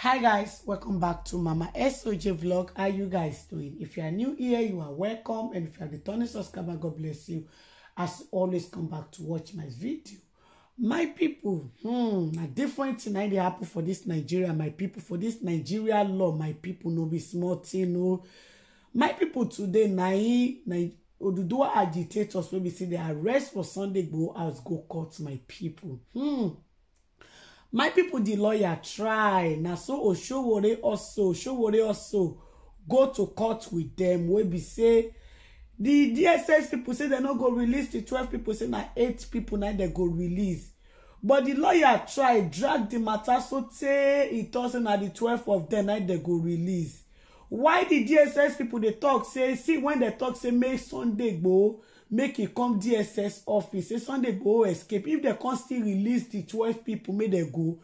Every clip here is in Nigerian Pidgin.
hi guys welcome back to mama soj vlog how you guys doing if you are new here you are welcome and if you are returning subscriber god bless you as always come back to watch my video my people hmm, a different thing dey happen for this nigeria my people for this nigeria law my people no be small thing o my people today na na oduduwa agitators wey be say dey arrest for sunday go house go court my people hmm my people, the lawyer try na so oshowore also oshowore also go to court with them. wey be say the dss people say dem no go release the 12 people say na eight people now they go release but the lawyer try drag the matter so say it doesn't at the di 12 of them na they go release why the dss people they talk say see when they talk say make sunday gboo make e come dss office say sunday go escape if dem come still release di twelve pipo make dem go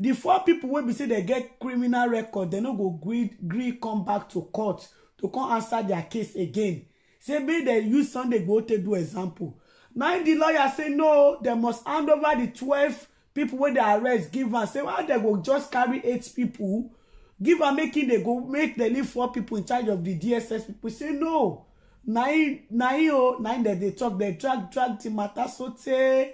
di four pipo wey be say dem get criminal record dem no go gree come back to court to come answer dia case again say make dem use sunday go take do example Now di lawyer say no dem must hand over di twelve pipo wey dey arrest give am say why dem go just carry eight pipo give am make e dey go make dem leave four pipo in charge of di dss pipo say no na hin o na hin dem dey talk dem drag drag the matter sotey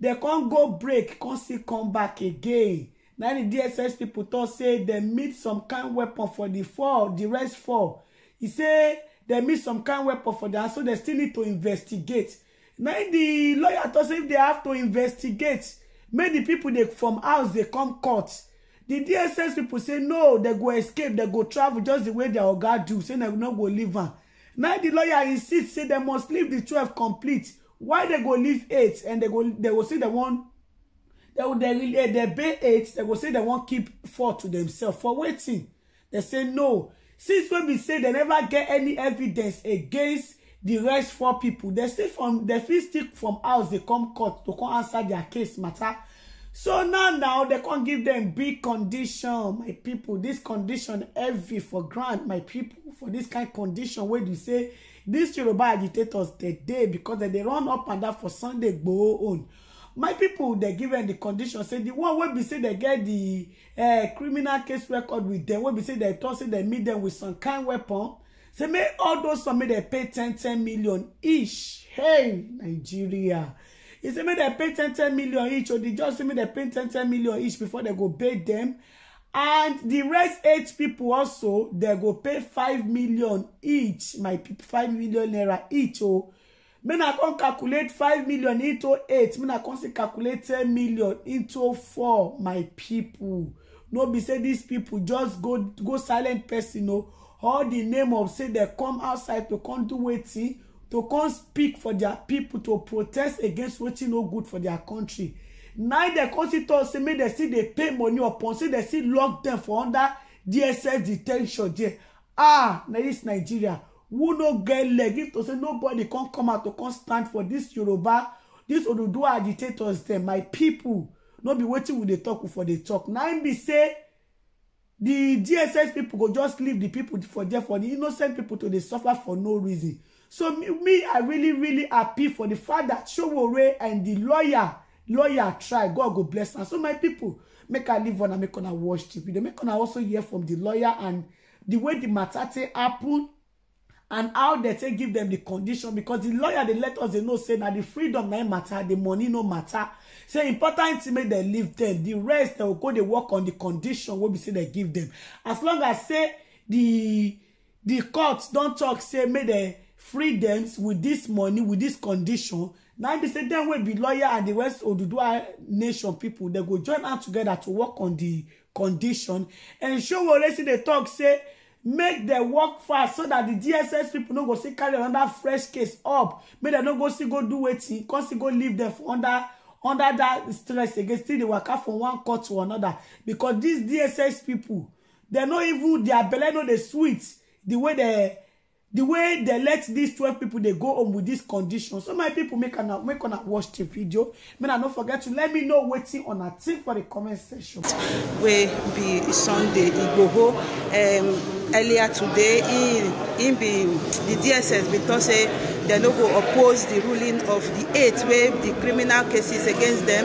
dem con go break con still come back again na the dss pipo talk say dem meet some kind weapon for the fall the rest fall e say dem meet some kind weapon for that so dem still need to investigate na hin the lawyer talk say if dem have to investigate make di pipo dey from house dey come court di dss pipo say no dem go escape dem go travel just the way dia oga do say dem no go leave am Now the lawyer insists say they must leave the 12 complete. Why they go leave 8 and they go they will say they want they will they, eh, they pay 8, they will say they won't keep 4 to themselves for waiting. They say no. Since when we say they never get any evidence against the rest four people, they still from they feel stick from house they come court to come answer their case matter So now, now they can't give them big condition, my people. This condition heavy for grant, my people, for this kind of condition where you say these Yoruba agitators today because they, they run up and down for Sunday go on. My people, they give them the condition. Say the one where be say they get the uh, criminal case record with them. Where be say they toss say they meet them with some kind weapon. Say may all those some may they pay 10, 10 million each. Hey, Nigeria. He said make they pay 10 10 million each or they just say make they pay 10 10 million each before they go pay them, and the rest eight people also they go pay 5 million each my people 5 million naira each oh. make i can calculate 5 million into 8 make i can say calculate 10 million into 4 my people. no be say dis pipo just go go silent person o oh. all the name of say they come outside to come to wetin to come speak for their people to protest against wetin no good for their country Now dem come still talk say make dem still dey pay money upon say dem still lock dem for under dss detention there ah na this nigeria who no get leg if to say nobody come come out to come stand for this yoruba this oduduwa agitators dem my people no be wetin we dey talk we for dey talk na im be say the dss people go just leave the people for there for di innocent people to dey suffer for no reason So me, me I really, really happy for the fact that Showore and the lawyer, lawyer try. God go bless us. So my people, make her live on and make on her watch the video. Make on also hear from the lawyer and the way the matter happen and how they take give them the condition because the lawyer they let us they know say that the freedom na matter the money no matter say important to make them leave them the rest they will go they work on the condition wey be say they give them as long as say the the court don't talk say make they Freedoms with this money with this condition Now they say dem will be lawyer and di west oduduwa nation people. They go join hand together to work on the condition and showore say dey talk say make dem work fast so that the dss people don't go see carry another fresh case up make they don't go see go do wetin con they go leave dem for under under that stress again still they work out from one court to another because these dss people, dem no even dia belle no the sweet the way they the way they let these 12 people they go home with this condition so my people make an make on watch the video man i don't forget to let me know waiting on a tip for the comment section We be sunday igboho um earlier today in in be the dss because say eh, they no go oppose the ruling of the eight where the criminal cases against them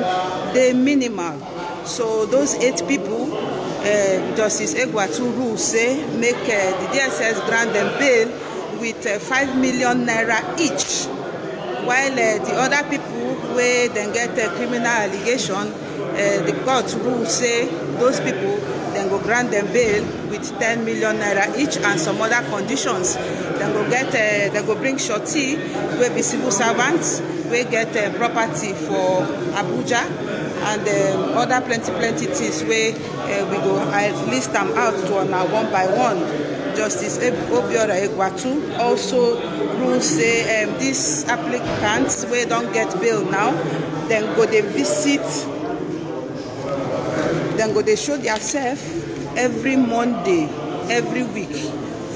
they minimal so those eight people uh, justice egwatu rules say eh, make uh, the dss grant them bail with uh, 5 million naira each while uh, the other people wey dem get uh, criminal allegation uh, the court rule say those people dem go grant dem bail with ten million naira each and some other conditions dem go get uh, dem go bring shorty wey be civil servant wey get uh, property for abuja and um, other plenty plenty things wey uh, we go uh, list am out to una one by one Justice Obiora Egwatu also rule say um, these applicants wey don get bail now dem go dey visit dem go dey show diasef every monday every week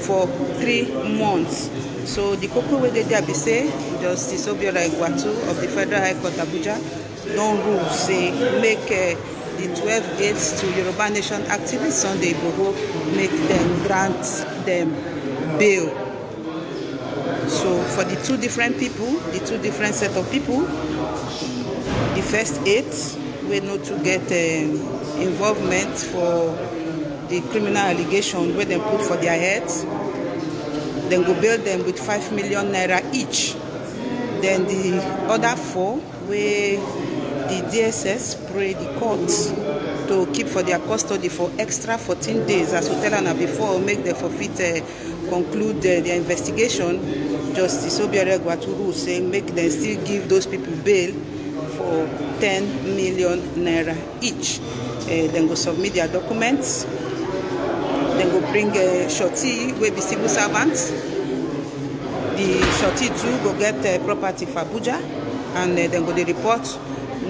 for three months so the koko wey dey there be say justice obiora egwatu of the federal high court abuja don rule say make uh, the 12 aids to Yoruba Nation activists Sunday Igboho make them grant them bail. So for the two different people, the two different set of people, the first eight were not to get um, involvement for the criminal allegation where they put for their heads. Then go bail them with 5 million naira each. Then the other four were the DSS pray the courts to keep for their custody for extra 14 days as we tell am before make the forfeit uh, conclude uh, their investigation justice obiore gwaturu say make them still give those people bail for 10 million naira each uh, dem go submit their documents Then go bring uh, shorty with be civil servant the shorty too go get uh, property for abuja and uh, dem go the report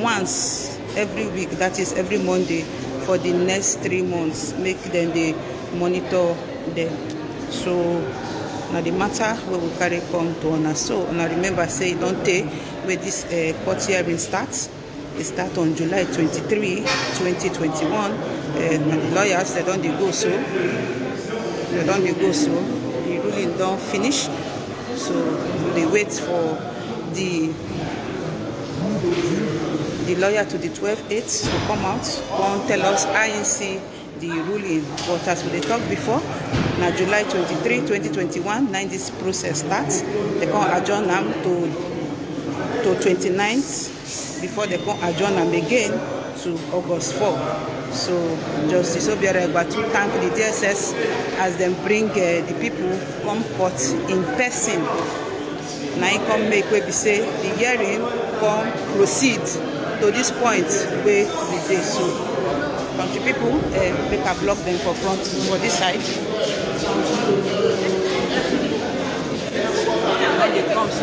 once every week that is every monday for the next three months make them dey monitor them. so now the matter we will carry come to una so now remember say don't don where this uh, court hearing starts. It e starts on july 23 2021 uh, And the lawyers they don't dey go so they don't dey go so the ruling don't finish so they wait for the the lawyer to the 12 aides to come out come tell us inc the ruling but as we talked before now july 23 2021 na this process starts. They come adjourn them to to 29th before they come adjourn them again to august 4 so justice obiara egbatu thank the dss as them bring uh, the people come court in person Now come make wey be say the hearing come proceed to this point wey we dey so country pipo um, make i block dem for front for this side when dey come so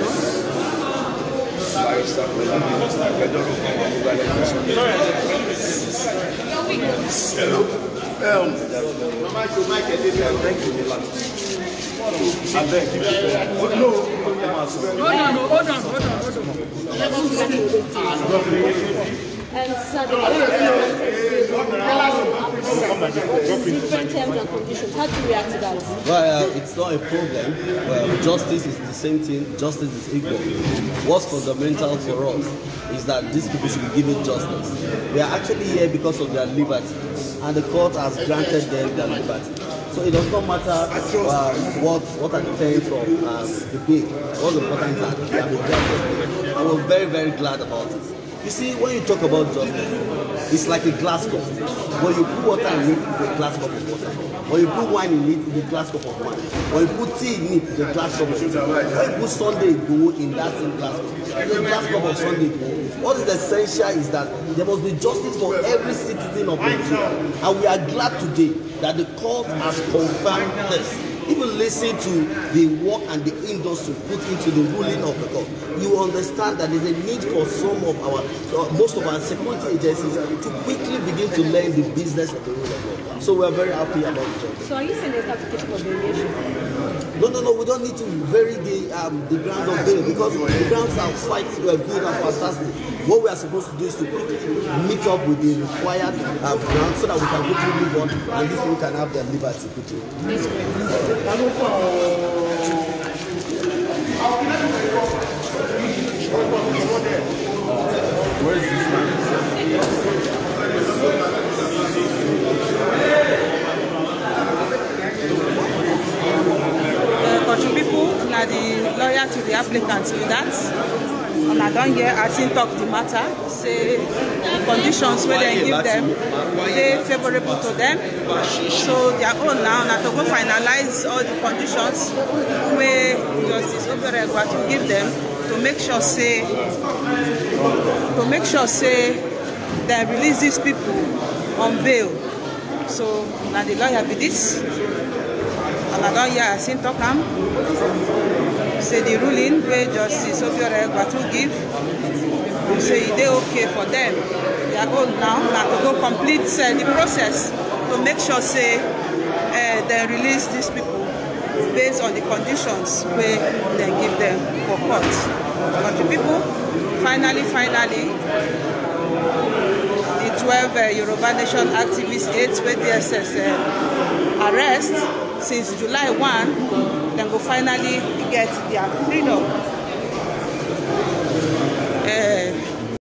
Hello. Um, thank you. No. hold on, hold on, hold on and Saturday. Different terms and conditions. How do you react to that? Well, uh, it's not a problem. Well, justice is the same thing. Justice is equal. What's fundamental for us is that these people should be given justice. We are actually here because of their liberty, and the court has granted them their liberty. So it does not matter uh, what what are the terms of um, the bill. What's important is that they have been granted, and we're very very glad about it. You see, when you talk about justice, it's like a glass cup. When you put water in it, it's a glass cup of water. When you put wine in it, it's a glass cup of wine. When you put tea in it, it's a glass cup of tea. When you put Sunday go in that same glass cup, it's a glass cup of Sunday go. What is essential is that there must be justice for every citizen of Nigeria. And we are glad today that the court has confirmed this even listen to the work and the industry put into the ruling of the court, you understand that there's a need for some of our, uh, most of our security agencies to quickly begin to learn the business of the rule of law. So we're very happy about it. So are you saying there's not a typical variation? No, no, no, we don't need to vary the um, the ground of bail because the grounds are quite well, uh, good and fantastic. What we are supposed to do is to meet up with the required um, ground so that we can quickly move on and these people can have their liberty quickly. Where is this? are the lawyer to the applicant with that. and I don hear as him talk the matter say conditions where they give them. dey favorable to them. so they are all now na to go finalize all the conditions where justice obere gwatu give them to make sure say to make sure say they release these people on bail so na the lawyer be this I don hear a him talk am say the ruling wey justice obiore to give say e dey okay for They are goal now na to go complete uh, the process to make sure say uh, dem release these people based on the conditions where they give them for court but the people finally finally the twelve uh, yoruba nation activists eight wey dss uh, arrest since July 1, then we finally get their freedom.